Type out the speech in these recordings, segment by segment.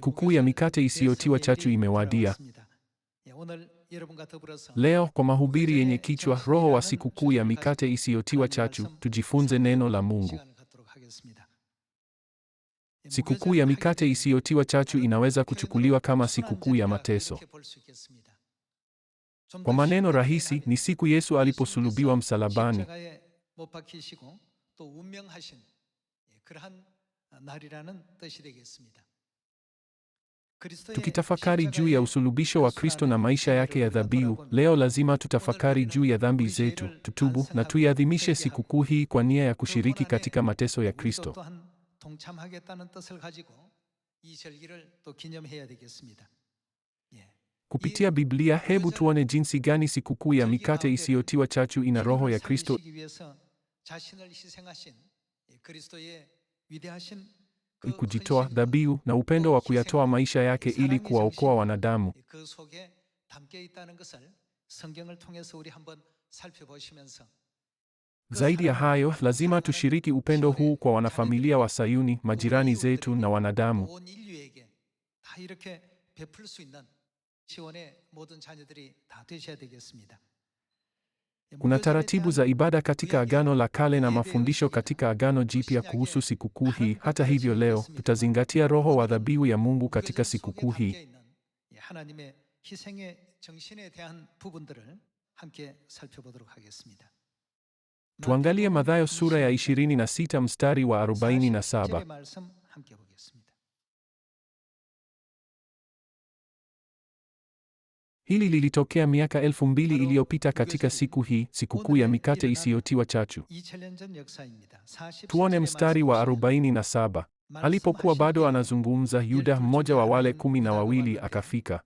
Sikukuu ya mikate isiyotiwa chachu imewadia. Leo kwa mahubiri yenye kichwa Roho wa Sikukuu ya Mikate Isiyotiwa Chachu, tujifunze neno la Mungu. Sikukuu ya mikate isiyotiwa chachu inaweza kuchukuliwa kama sikukuu ya mateso. Kwa maneno rahisi, ni siku Yesu aliposulubiwa msalabani. Tukitafakari juu ya usulubisho wa Kristo na maisha yake ya dhabihu, leo lazima tutafakari juu ya dhambi zetu, tutubu na tuiadhimishe sikukuu hii kwa nia ya kushiriki katika mateso ya Kristo. Kupitia Biblia, hebu tuone jinsi gani sikukuu ya mikate isiyotiwa chachu ina roho ya Kristo kujitoa dhabihu na upendo wa kuyatoa maisha yake ili kuwaokoa wanadamu. Zaidi ya hayo, lazima tushiriki upendo huu kwa wanafamilia wa Sayuni, majirani zetu na wanadamu. Kuna taratibu za ibada katika Agano la Kale na mafundisho katika Agano Jipya kuhusu sikukuu hii. Hata hivyo, leo tutazingatia roho wa dhabihu ya Mungu katika sikukuu hii. Tuangalie Mathayo sura ya 26 mstari wa 47. Hili lilitokea miaka elfu mbili iliyopita katika siku hii, sikukuu ya mikate isiyotiwa chachu. Tuone mstari wa 47. Alipokuwa bado anazungumza, Yuda mmoja wa wale kumi na wawili akafika.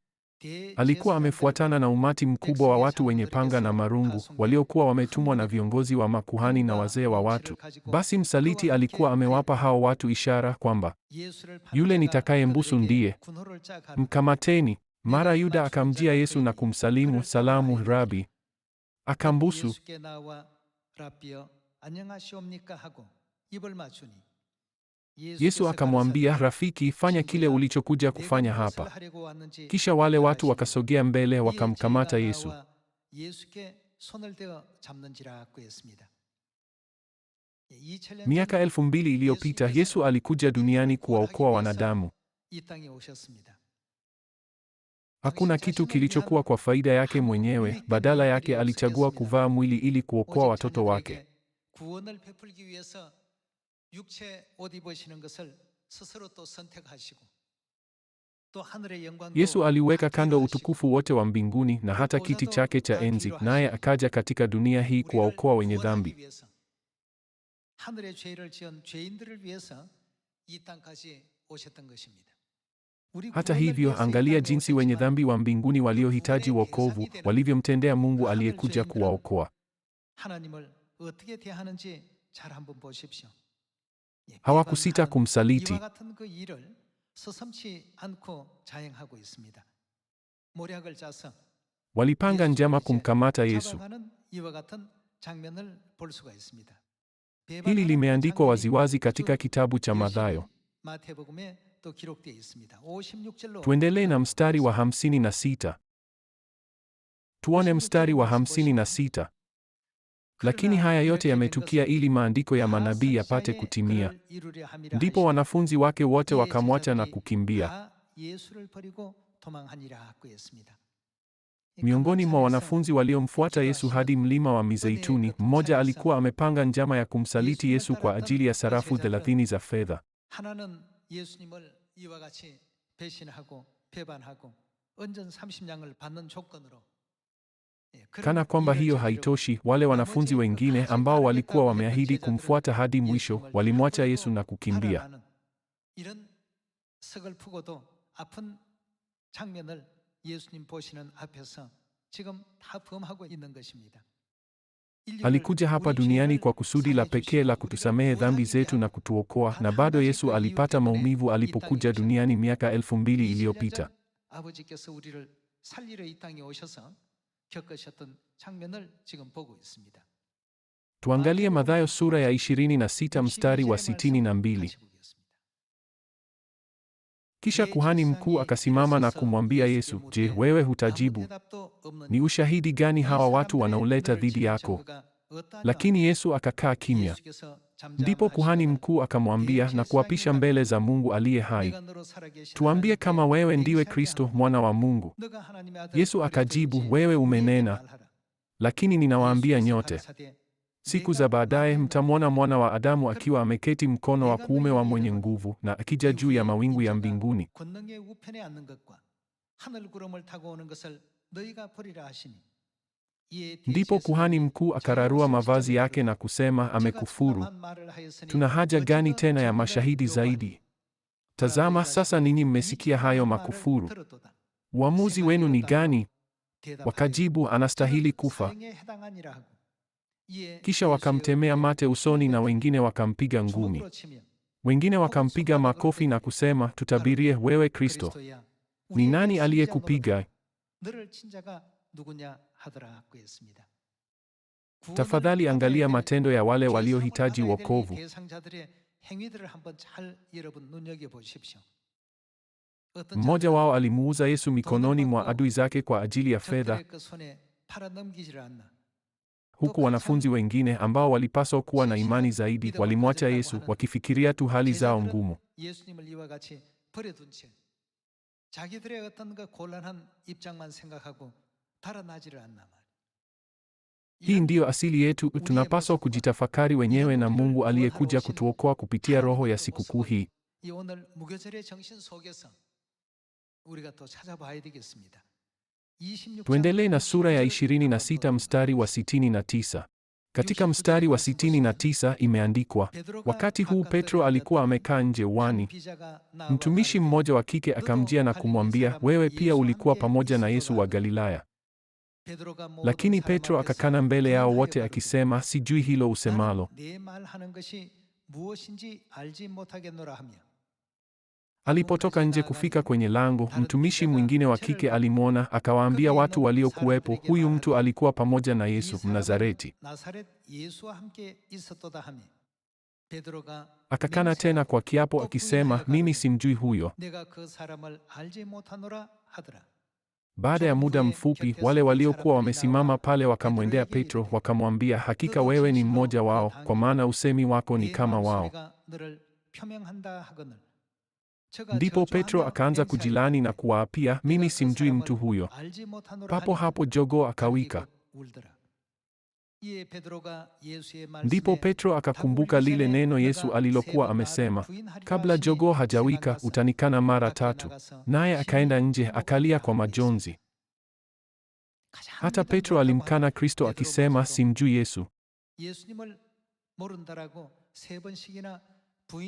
Alikuwa amefuatana na umati mkubwa wa watu wenye panga na marungu waliokuwa wametumwa na viongozi wa makuhani na wazee wa watu. Basi msaliti alikuwa amewapa hao watu ishara kwamba yule nitakayembusu ndiye, mkamateni. Mara Yuda akamjia Yesu na kumsalimu, salamu Rabi. Akambusu. Yesu akamwambia, rafiki, fanya kile ulichokuja kufanya hapa. Kisha wale watu wakasogea mbele wakamkamata Yesu. Miaka elfu mbili iliyopita Yesu alikuja duniani kuwaokoa wanadamu. Hakuna kitu kilichokuwa kwa faida yake mwenyewe, badala yake alichagua kuvaa mwili ili kuokoa watoto wake. Yesu aliweka kando utukufu wote wa mbinguni na hata kiti chake cha enzi, naye akaja katika dunia hii kuwaokoa wenye dhambi. 하늘의 hata hivyo, angalia jinsi wenye dhambi wa mbinguni waliohitaji wokovu walivyomtendea Mungu aliyekuja kuwaokoa. Hawakusita kumsaliti. Walipanga njama kumkamata Yesu. Hili limeandikwa waziwazi katika kitabu cha Mathayo. Tuendelee na mstari wa hamsini na sita. Tuone mstari wa hamsini na sita. Lakini haya yote yametukia ili maandiko ya manabii yapate kutimia. Ndipo wanafunzi wake wote wakamwacha na kukimbia. Miongoni mwa wanafunzi waliomfuata Yesu hadi mlima wa Mizeituni, mmoja alikuwa amepanga njama ya kumsaliti Yesu kwa ajili ya sarafu thelathini za fedha. 예수님을 이와 같이 배신하고 배반하고 은전 30냥을 받는 조건으로 Kana kwamba hiyo haitoshi, wale wanafunzi wengine ambao walikuwa wameahidi kumfuata hadi mwisho walimwacha Yesu na kukimbia. Alikuja hapa duniani kwa kusudi la pekee la kutusamehe dhambi zetu na kutuokoa, na bado Yesu alipata maumivu alipokuja duniani miaka elfu mbili iliyopita. Tuangalie Mathayo sura ya 26 mstari wa 62. Kisha kuhani mkuu akasimama na kumwambia Yesu, Je, wewe hutajibu? Ni ushahidi gani hawa watu wanaoleta dhidi yako? Lakini Yesu akakaa kimya. Ndipo kuhani mkuu akamwambia na kuapisha mbele za Mungu aliye hai, tuambie kama wewe ndiwe Kristo mwana wa Mungu. Yesu akajibu, wewe umenena, lakini ninawaambia nyote Siku za baadaye mtamwona mwana wa Adamu akiwa ameketi mkono wa kuume wa mwenye nguvu na akija juu ya mawingu ya mbinguni. Ndipo kuhani mkuu akararua mavazi yake na kusema, amekufuru. Tuna haja gani tena ya mashahidi zaidi? Tazama sasa, ninyi mmesikia hayo makufuru. Uamuzi wenu ni gani? Wakajibu, anastahili kufa. Kisha wakamtemea mate usoni na wengine wakampiga ngumi. Wengine wakampiga makofi na kusema, tutabirie wewe Kristo. Ni nani aliyekupiga? Tafadhali angalia matendo ya wale waliohitaji wokovu. Mmoja wao alimuuza Yesu mikononi mwa adui zake kwa ajili ya fedha huku wanafunzi wengine ambao walipaswa kuwa na imani zaidi walimwacha Yesu wakifikiria tu hali zao ngumu. Hii ndiyo asili yetu. Tunapaswa kujitafakari wenyewe na Mungu aliyekuja kutuokoa kupitia roho ya sikukuu hii. Tuendelee na sura ya 26 mstari wa 69. Katika mstari wa 69 imeandikwa, wakati huu Petro alikuwa amekaa nje uani, mtumishi mmoja wa kike akamjia na kumwambia, wewe pia ulikuwa pamoja na Yesu wa Galilaya. Lakini Petro akakana mbele yao wote akisema, sijui hilo usemalo. Alipotoka nje kufika kwenye lango, mtumishi mwingine wa kike alimwona, akawaambia watu waliokuwepo, huyu mtu alikuwa pamoja na Yesu Mnazareti. Akakana tena kwa kiapo akisema, mimi simjui huyo. Baada ya muda mfupi, wale waliokuwa wamesimama pale wakamwendea Petro, wakamwambia, hakika wewe ni mmoja wao, kwa maana usemi wako ni kama wao. Ndipo Petro akaanza kujilani na kuwaapia, mimi simjui mtu huyo. Papo hapo jogo akawika. Ndipo Petro akakumbuka lile neno Yesu alilokuwa amesema, kabla jogoo hajawika utanikana mara tatu. Naye akaenda nje akalia kwa majonzi. Hata Petro alimkana Kristo akisema, simjui Yesu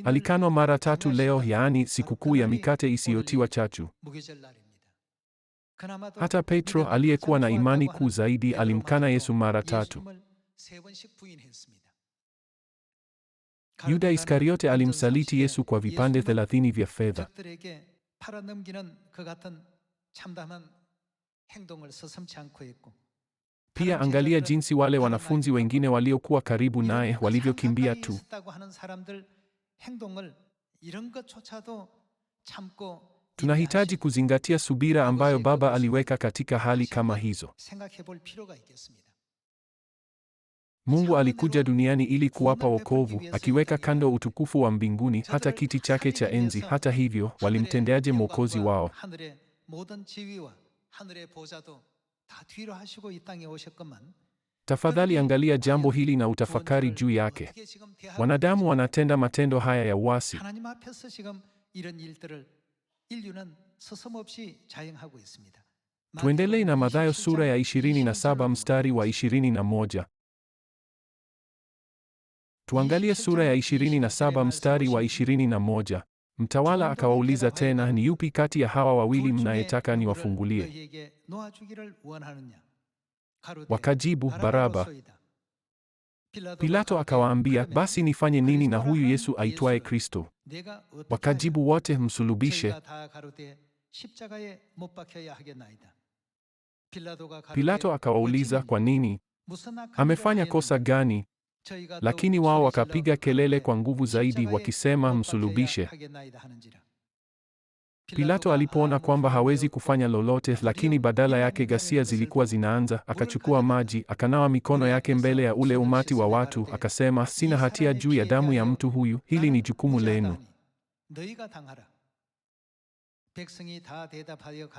alikanwa mara tatu leo, yaani, yaani sikukuu ya mikate isiyotiwa chachu. Hata Petro aliyekuwa na imani kuu zaidi alimkana Yesu mara tatu. Yuda Iskariote alimsaliti Yesu kwa vipande thelathini vya fedha. Pia angalia jinsi wale wanafunzi wengine waliokuwa karibu naye walivyokimbia tu. Tunahitaji kuzingatia subira ambayo Baba aliweka katika hali kama hizo. Mungu alikuja duniani ili kuwapa wokovu, akiweka kando utukufu wa mbinguni, hata kiti chake cha enzi. Hata hivyo, walimtendeaje mwokozi wao? Tafadhali angalia jambo hili na utafakari juu yake. Wanadamu wanatenda matendo haya ya uasi. Tuendelee na Mathayo sura ya 27 mstari wa 21. Tuangalie sura ya 27 mstari wa 21. Mtawala akawauliza tena, ni yupi kati ya hawa wawili mnayetaka niwafungulie? Wakajibu, Baraba. Pilato akawaambia, basi nifanye nini na huyu Yesu aitwaye Kristo? Wakajibu wote, msulubishe. Pilato akawauliza, kwa nini? Amefanya kosa gani? Lakini wao wakapiga kelele kwa nguvu zaidi wakisema, msulubishe. Pilato alipoona kwamba hawezi kufanya lolote, lakini badala yake ghasia zilikuwa zinaanza, akachukua maji, akanawa mikono yake mbele ya ule umati wa watu, akasema, sina hatia juu ya damu ya mtu huyu, hili ni jukumu lenu.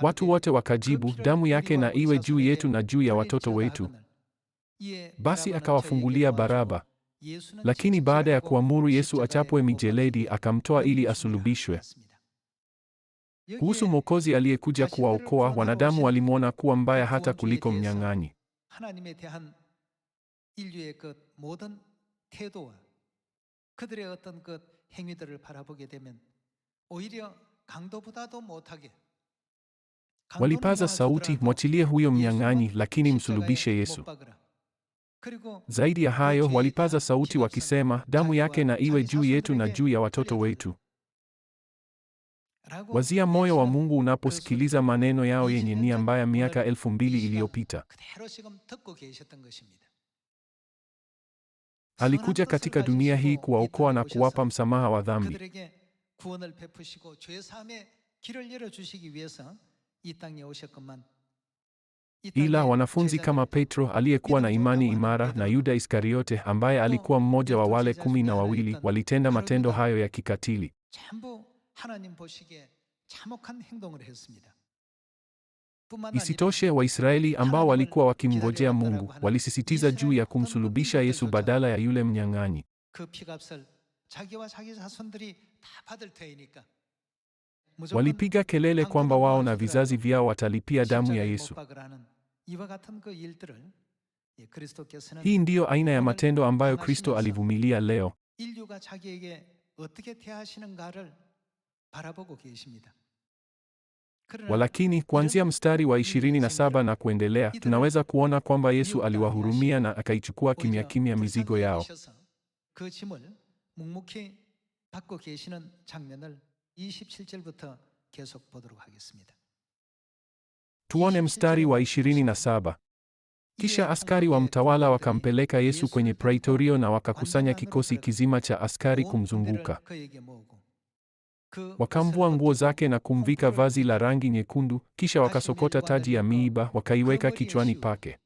Watu wote wakajibu, damu yake na iwe juu yetu na juu ya watoto wetu. Basi akawafungulia Baraba. Lakini baada ya kuamuru Yesu achapwe mijeledi, akamtoa ili asulubishwe. Kuhusu Mwokozi aliyekuja kuwaokoa wanadamu, walimwona kuwa mbaya hata kuliko mnyang'anyi. Walipaza sauti, mwachilie huyo mnyang'anyi, lakini msulubishe Yesu. Zaidi ya hayo, walipaza sauti wakisema, damu yake na iwe juu yetu na juu ya watoto wetu. Wazia moyo wa Mungu unaposikiliza maneno yao yenye nia mbaya miaka elfu mbili iliyopita. Alikuja katika dunia hii kuwaokoa na kuwapa msamaha wa dhambi. Ila wanafunzi kama Petro aliyekuwa na imani imara na Yuda Iskariote ambaye alikuwa mmoja wa wale kumi na wawili walitenda matendo hayo ya kikatili. 하나님 보시기에 참혹한 행동을 했습니다. Isitoshe, Waisraeli ambao walikuwa wakimngojea Mungu walisisitiza juu ya kumsulubisha Yesu badala ya yule mnyang'anyi. Walipiga kelele kwamba wao na vizazi vyao watalipia damu ya Yesu. Hii ndiyo aina ya matendo ambayo Kristo alivumilia leo. Walakini kuanzia mstari wa 27 na kuendelea tunaweza kuona kwamba Yesu aliwahurumia na akaichukua kimya kimya mizigo yao. Tuone mstari wa 27. Kisha askari wa mtawala wakampeleka Yesu kwenye praitorio na wakakusanya kikosi kizima cha askari kumzunguka. Wakamvua nguo zake na kumvika vazi la rangi nyekundu, kisha wakasokota taji ya miiba wakaiweka kichwani pake.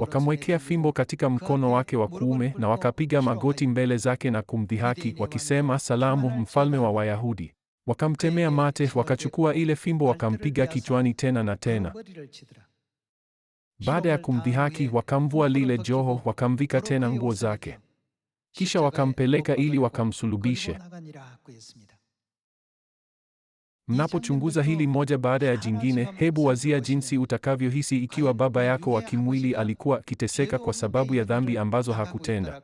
Wakamwekea fimbo katika mkono wake wa kuume na wakapiga magoti mbele zake na kumdhihaki wakisema, Salamu, mfalme wa Wayahudi. Wakamtemea mate, wakachukua ile fimbo wakampiga kichwani tena na tena. Baada ya kumdhihaki, wakamvua lile joho, wakamvika tena nguo zake. Kisha wakampeleka ili wakamsulubishe. Mnapochunguza hili moja baada ya jingine, hebu wazia jinsi utakavyohisi ikiwa baba yako wa kimwili alikuwa akiteseka kwa sababu ya dhambi ambazo hakutenda.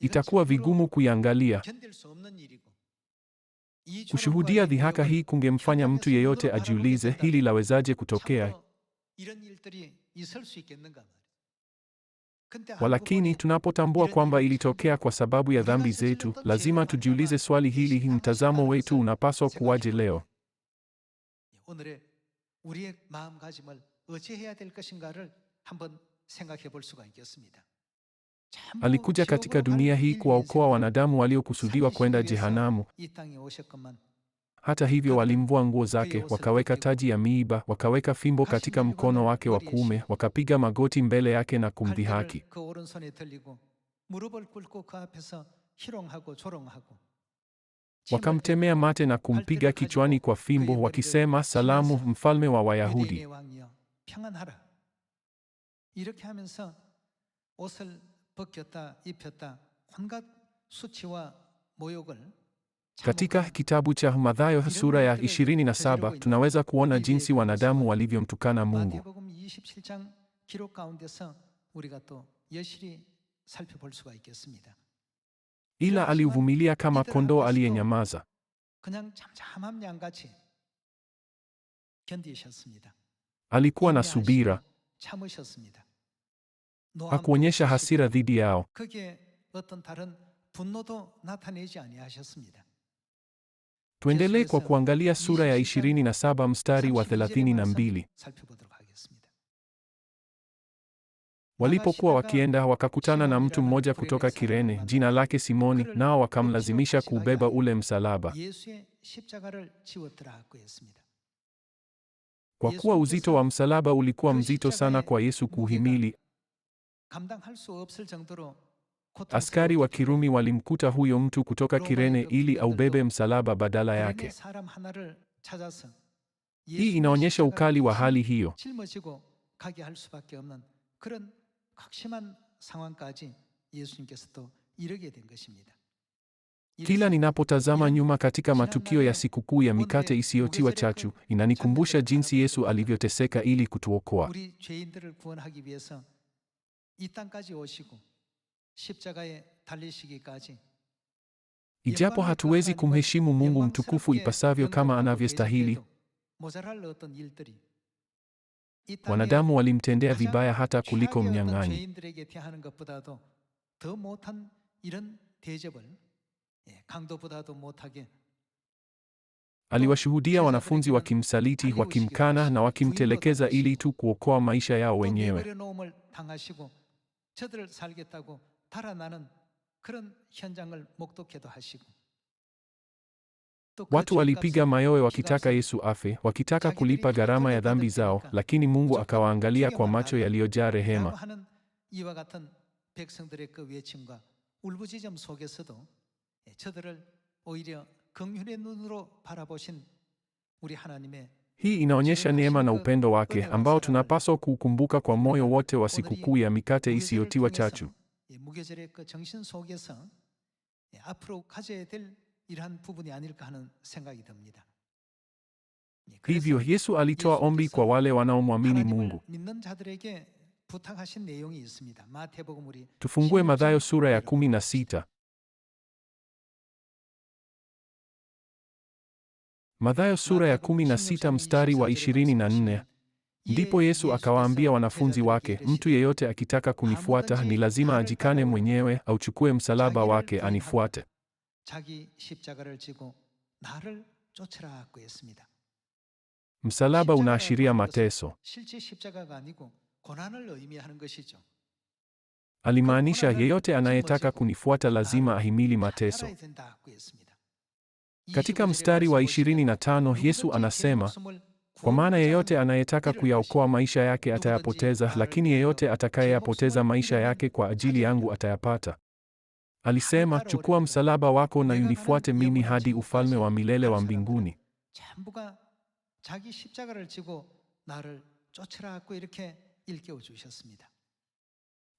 Itakuwa vigumu kuiangalia. Kushuhudia dhihaka hii kungemfanya mtu yeyote ajiulize, hili lawezaje kutokea? 있을 수 있겠는가 말이죠. Walakini, tunapotambua kwamba ilitokea kwa sababu ya dhambi zetu, lazima tujiulize swali hili: mtazamo wetu unapaswa kuwaje leo? Alikuja katika dunia hii kuwaokoa wanadamu waliokusudiwa kwenda jehanamu. Hata hivyo, walimvua nguo zake, wakaweka taji ya miiba, wakaweka fimbo katika mkono wake wa kuume, wakapiga magoti mbele yake na kumdhihaki. Wakamtemea mate na kumpiga kichwani kwa fimbo, wakisema, salamu mfalme wa Wayahudi. Katika kitabu cha Mathayo sura ya 27 tunaweza kuona jinsi wanadamu walivyomtukana Mungu. Ila aliuvumilia kama kondoo aliyenyamaza. Alikuwa na subira. Hakuonyesha hasira dhidi yao. Tuendelee kwa kuangalia sura ya 27 mstari wa 32. Walipokuwa wakienda wakakutana na mtu mmoja kutoka Kirene, jina lake Simoni, nao wakamlazimisha kuubeba ule msalaba. Kwa kuwa uzito wa msalaba ulikuwa mzito sana kwa Yesu kuhimili. Askari wa Kirumi walimkuta huyo mtu kutoka Kirene ili aubebe msalaba badala yake. Hii inaonyesha ukali wa hali hiyo. Kila ninapotazama nyuma katika matukio ya sikukuu ya mikate isiyotiwa chachu, inanikumbusha jinsi Yesu alivyoteseka ili kutuokoa. Ijapo hatuwezi kumheshimu Mungu mtukufu ipasavyo kama anavyostahili, wanadamu walimtendea vibaya hata kuliko mnyang'anyi. Aliwashuhudia wanafunzi wakimsaliti, wakimkana na wakimtelekeza ili tu kuokoa maisha yao wenyewe. 달아나는 그런 현장을 목도케도 하시고 Watu walipiga mayowe wakitaka Yesu afe, wakitaka kulipa gharama ya dhambi zao, lakini Mungu akawaangalia kwa macho yaliyojaa rehema. Hii inaonyesha neema na upendo wake ambao tunapaswa kuukumbuka kwa moyo wote wa sikukuu ya mikate isiyotiwa chachu. 무교절의 그 정신 속에서 앞으로 가져야 될 이러한 부분이 아닐까 하는 생각이 듭니다. Hivyo Yesu alitoa ombi kwa wale wanaomwamini Mungu. Tufungue Mathayo sura ya kumi na sita. Mathayo sura ya kumi na sita mstari wa ishirini na nne. Ndipo Yesu akawaambia wanafunzi wake, mtu yeyote akitaka kunifuata ni lazima ajikane mwenyewe, auchukue msalaba wake anifuate. Msalaba unaashiria mateso. Alimaanisha yeyote anayetaka kunifuata lazima ahimili mateso. Katika mstari wa 25 Yesu anasema kwa maana yeyote anayetaka kuyaokoa maisha yake atayapoteza, lakini yeyote atakayeyapoteza maisha yake kwa ajili yangu atayapata. Alisema, chukua msalaba wako na unifuate mimi hadi ufalme wa milele wa mbinguni.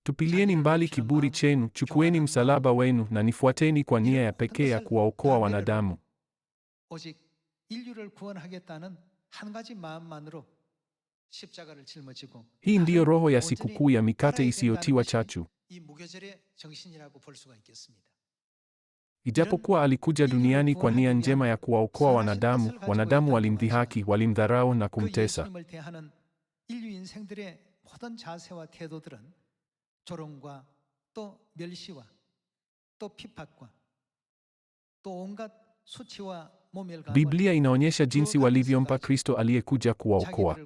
Tupilieni mbali kiburi chenu, chukueni msalaba wenu na nifuateni kwa nia ya pekee ya kuwaokoa wanadamu. Hii ndiyo roho ya sikukuu ya mikate isiyotiwa chachu. Ijapokuwa alikuja duniani kwa nia njema ya kuwaokoa wanadamu, wanadamu walimdhihaki, walimdharau na kumtesa. Biblia inaonyesha jinsi walivyompa Kristo aliyekuja kuwaokoa.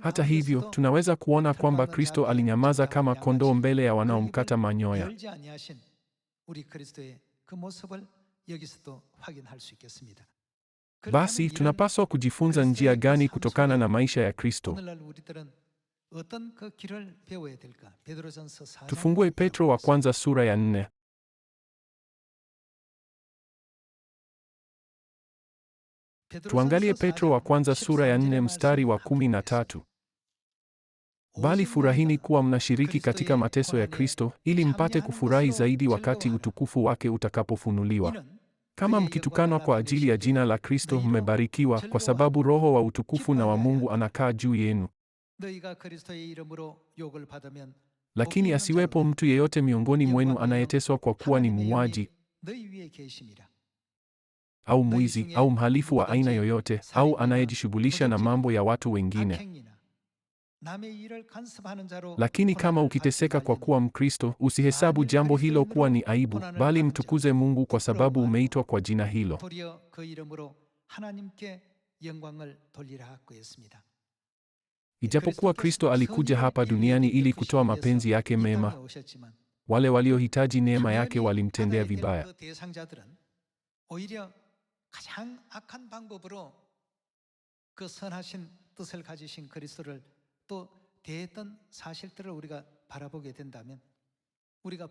Hata hivyo, tunaweza kuona kwamba Kristo alinyamaza kama kondoo mbele ya wanaomkata manyoya. Basi tunapaswa kujifunza njia gani kutokana na maisha ya Kristo? Tufungue Petro wa kwanza sura ya nne. Tuangalie Petro wa kwanza sura ya nne mstari wa kumi na tatu. Bali furahini kuwa mnashiriki katika mateso ya Kristo ili mpate kufurahi zaidi wakati utukufu wake utakapofunuliwa. Kama mkitukanwa kwa ajili ya jina la Kristo mmebarikiwa kwa sababu Roho wa utukufu na wa Mungu anakaa juu yenu. Lakini asiwepo mtu yeyote miongoni mwenu anayeteswa kwa kuwa ni muuaji au mwizi au mhalifu wa aina yoyote au anayejishughulisha na mambo ya watu wengine. Lakini kama ukiteseka kwa kuwa Mkristo, usihesabu jambo hilo kuwa ni aibu, bali mtukuze Mungu kwa sababu umeitwa kwa jina hilo. Ijapokuwa Kristo alikuja hapa duniani ili kutoa mapenzi yake mema, wale waliohitaji neema yake walimtendea vibaya.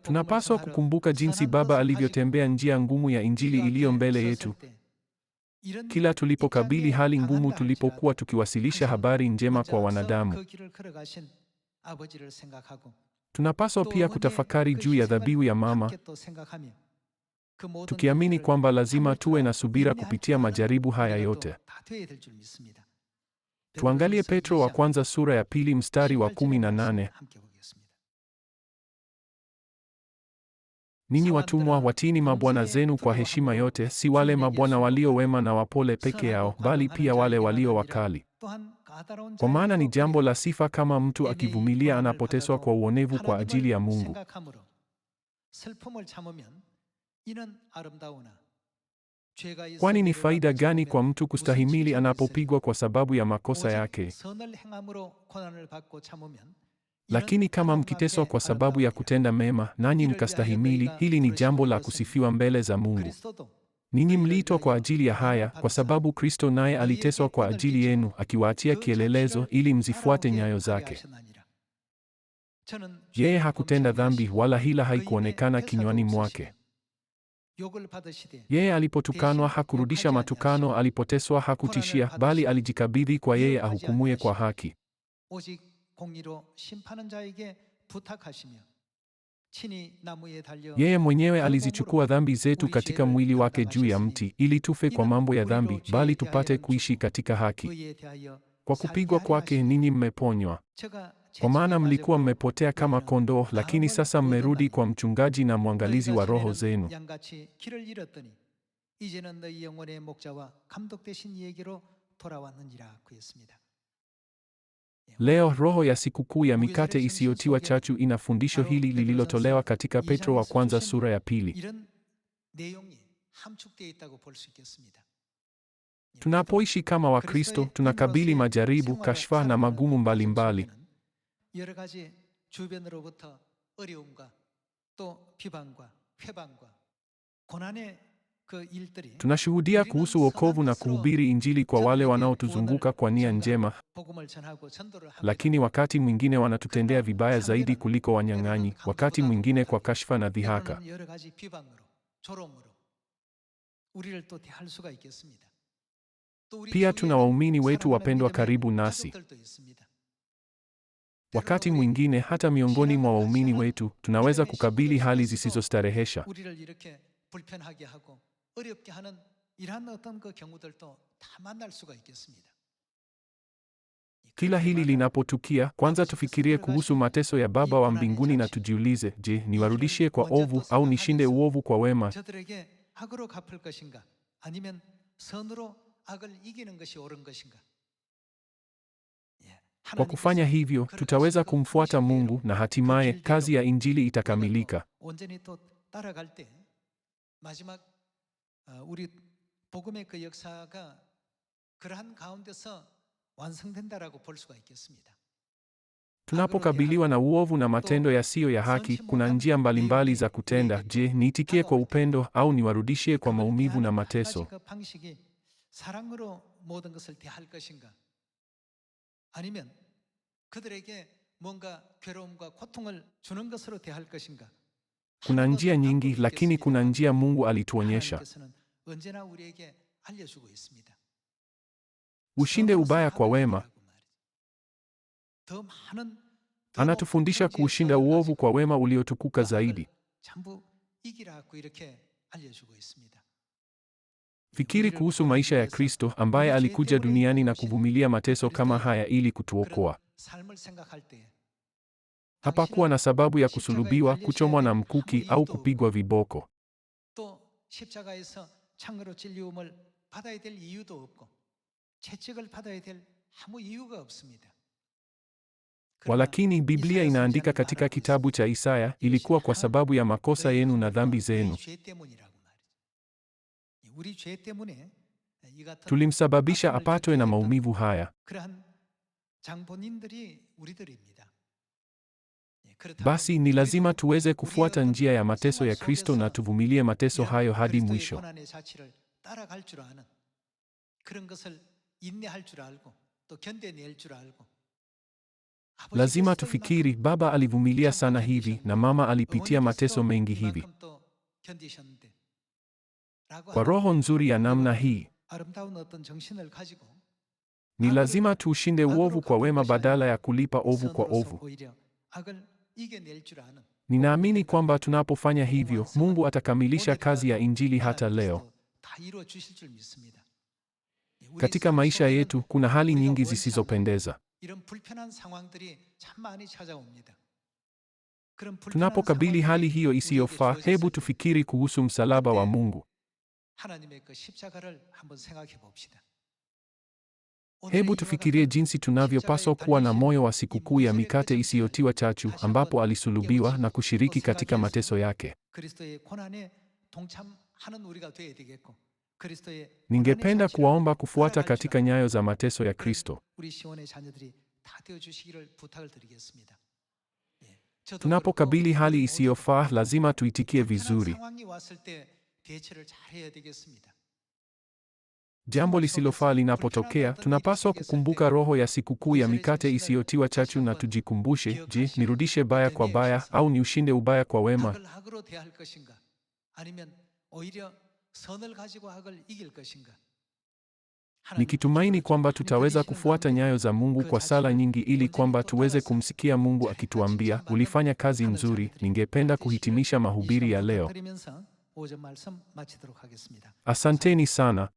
Tunapaswa kukumbuka jinsi Baba alivyotembea njia ngumu ya Injili iliyo mbele yetu. Kila tulipokabili hali ngumu, tulipokuwa tukiwasilisha habari njema kwa wanadamu, tunapaswa pia kutafakari juu ya dhabihu ya mama, tukiamini kwamba lazima tuwe na subira kupitia majaribu haya yote. Tuangalie Petro wa kwanza sura ya pili mstari wa 18. Ninyi watumwa, watini mabwana zenu kwa heshima yote, si wale mabwana walio wema na wapole peke yao, bali pia wale walio wakali. Kwa maana ni jambo la sifa kama mtu akivumilia anapoteswa kwa uonevu kwa ajili ya Mungu. Kwani ni faida gani kwa mtu kustahimili anapopigwa kwa sababu ya makosa yake? Lakini kama mkiteswa kwa sababu ya kutenda mema, nanyi mkastahimili, hili ni jambo la kusifiwa mbele za Mungu. Ninyi mliitwa kwa ajili ya haya, kwa sababu Kristo naye aliteswa kwa ajili yenu, akiwaachia kielelezo ili mzifuate nyayo zake. Yeye hakutenda dhambi, wala hila haikuonekana kinywani mwake. Yeye alipotukanwa hakurudisha matukano, alipoteswa hakutishia, bali alijikabidhi kwa yeye ahukumuye kwa haki. Yeye mwenyewe alizichukua dhambi zetu katika mwili wake juu ya mti, ili tufe kwa mambo ya dhambi, bali tupate kuishi katika haki. Kwa kupigwa kwake ninyi mmeponywa. Kwa maana mlikuwa mmepotea kama kondoo, lakini sasa mmerudi kwa mchungaji na mwangalizi wa roho zenu. Leo roho ya sikukuu ya mikate isiyotiwa chachu ina fundisho hili lililotolewa katika Petro wa kwanza sura ya pili. Tunapoishi kama Wakristo, tunakabili majaribu, kashfa na magumu mbalimbali mbali. Tunashuhudia kuhusu wokovu na kuhubiri Injili kwa wale wanaotuzunguka kwa nia njema, lakini wakati mwingine wanatutendea vibaya zaidi kuliko wanyang'anyi, wakati mwingine kwa kashfa na dhihaka. Pia tuna waumini wetu wapendwa karibu nasi. Wakati mwingine hata miongoni mwa waumini wetu tunaweza kukabili hali zisizostarehesha. 어렵게 하는 이런 어떤 그 경우들도 다 만날 수가 있겠습니다. Kila hili linapotukia, kwanza tufikirie kuhusu mateso ya Baba wa mbinguni na tujiulize, je, niwarudishie kwa ovu au nishinde uovu kwa wema? Kwa kufanya hivyo, tutaweza kumfuata Mungu na hatimaye kazi ya Injili itakamilika. 우리 복음의 그 역사가 그러한 가운데서 완성된다라고 볼 수가 있겠습니다. Tunapokabiliwa na uovu na matendo yasiyo ya haki, kuna njia mbalimbali za kutenda. Je, niitikie kwa upendo au niwarudishie kwa maumivu na mateso? Kuna njia nyingi, lakini kuna njia Mungu alituonyesha. Ushinde ubaya kwa wema. Anatufundisha kuushinda uovu kwa wema uliotukuka zaidi. Fikiri kuhusu maisha ya Kristo ambaye alikuja duniani na kuvumilia mateso kama haya ili kutuokoa. Hapakuwa na sababu ya kusulubiwa, kuchomwa na mkuki au kupigwa viboko. Walakini Biblia inaandika katika kitabu cha Isaya, ilikuwa kwa sababu ya makosa yenu na dhambi zenu. Tulimsababisha apatwe na maumivu haya. Basi ni lazima tuweze kufuata njia ya mateso ya Kristo na tuvumilie mateso hayo hadi mwisho. Lazima tufikiri, baba alivumilia sana hivi na mama alipitia mateso mengi hivi. Kwa roho nzuri ya namna hii, ni lazima tuushinde uovu kwa wema badala ya kulipa ovu kwa ovu. Ninaamini kwamba tunapofanya hivyo, Mungu atakamilisha kazi ya Injili hata leo. Katika maisha yetu kuna hali nyingi zisizopendeza. Tunapokabili hali hiyo isiyofaa, hebu tufikiri kuhusu msalaba wa Mungu. Hebu tufikirie jinsi tunavyopaswa kuwa na moyo wa sikukuu ya mikate isiyotiwa chachu, ambapo alisulubiwa na kushiriki katika mateso yake. Ningependa kuwaomba kufuata katika nyayo za mateso ya Kristo. Tunapokabili hali isiyofaa, lazima tuitikie vizuri. Jambo lisilofaa linapotokea, tunapaswa kukumbuka roho ya sikukuu ya mikate isiyotiwa chachu na tujikumbushe, je, nirudishe baya kwa baya au niushinde ubaya kwa wema? Nikitumaini kwamba tutaweza kufuata nyayo za Mungu kwa sala nyingi ili kwamba tuweze kumsikia Mungu akituambia, ulifanya kazi nzuri. Ningependa kuhitimisha mahubiri ya leo. Asanteni sana.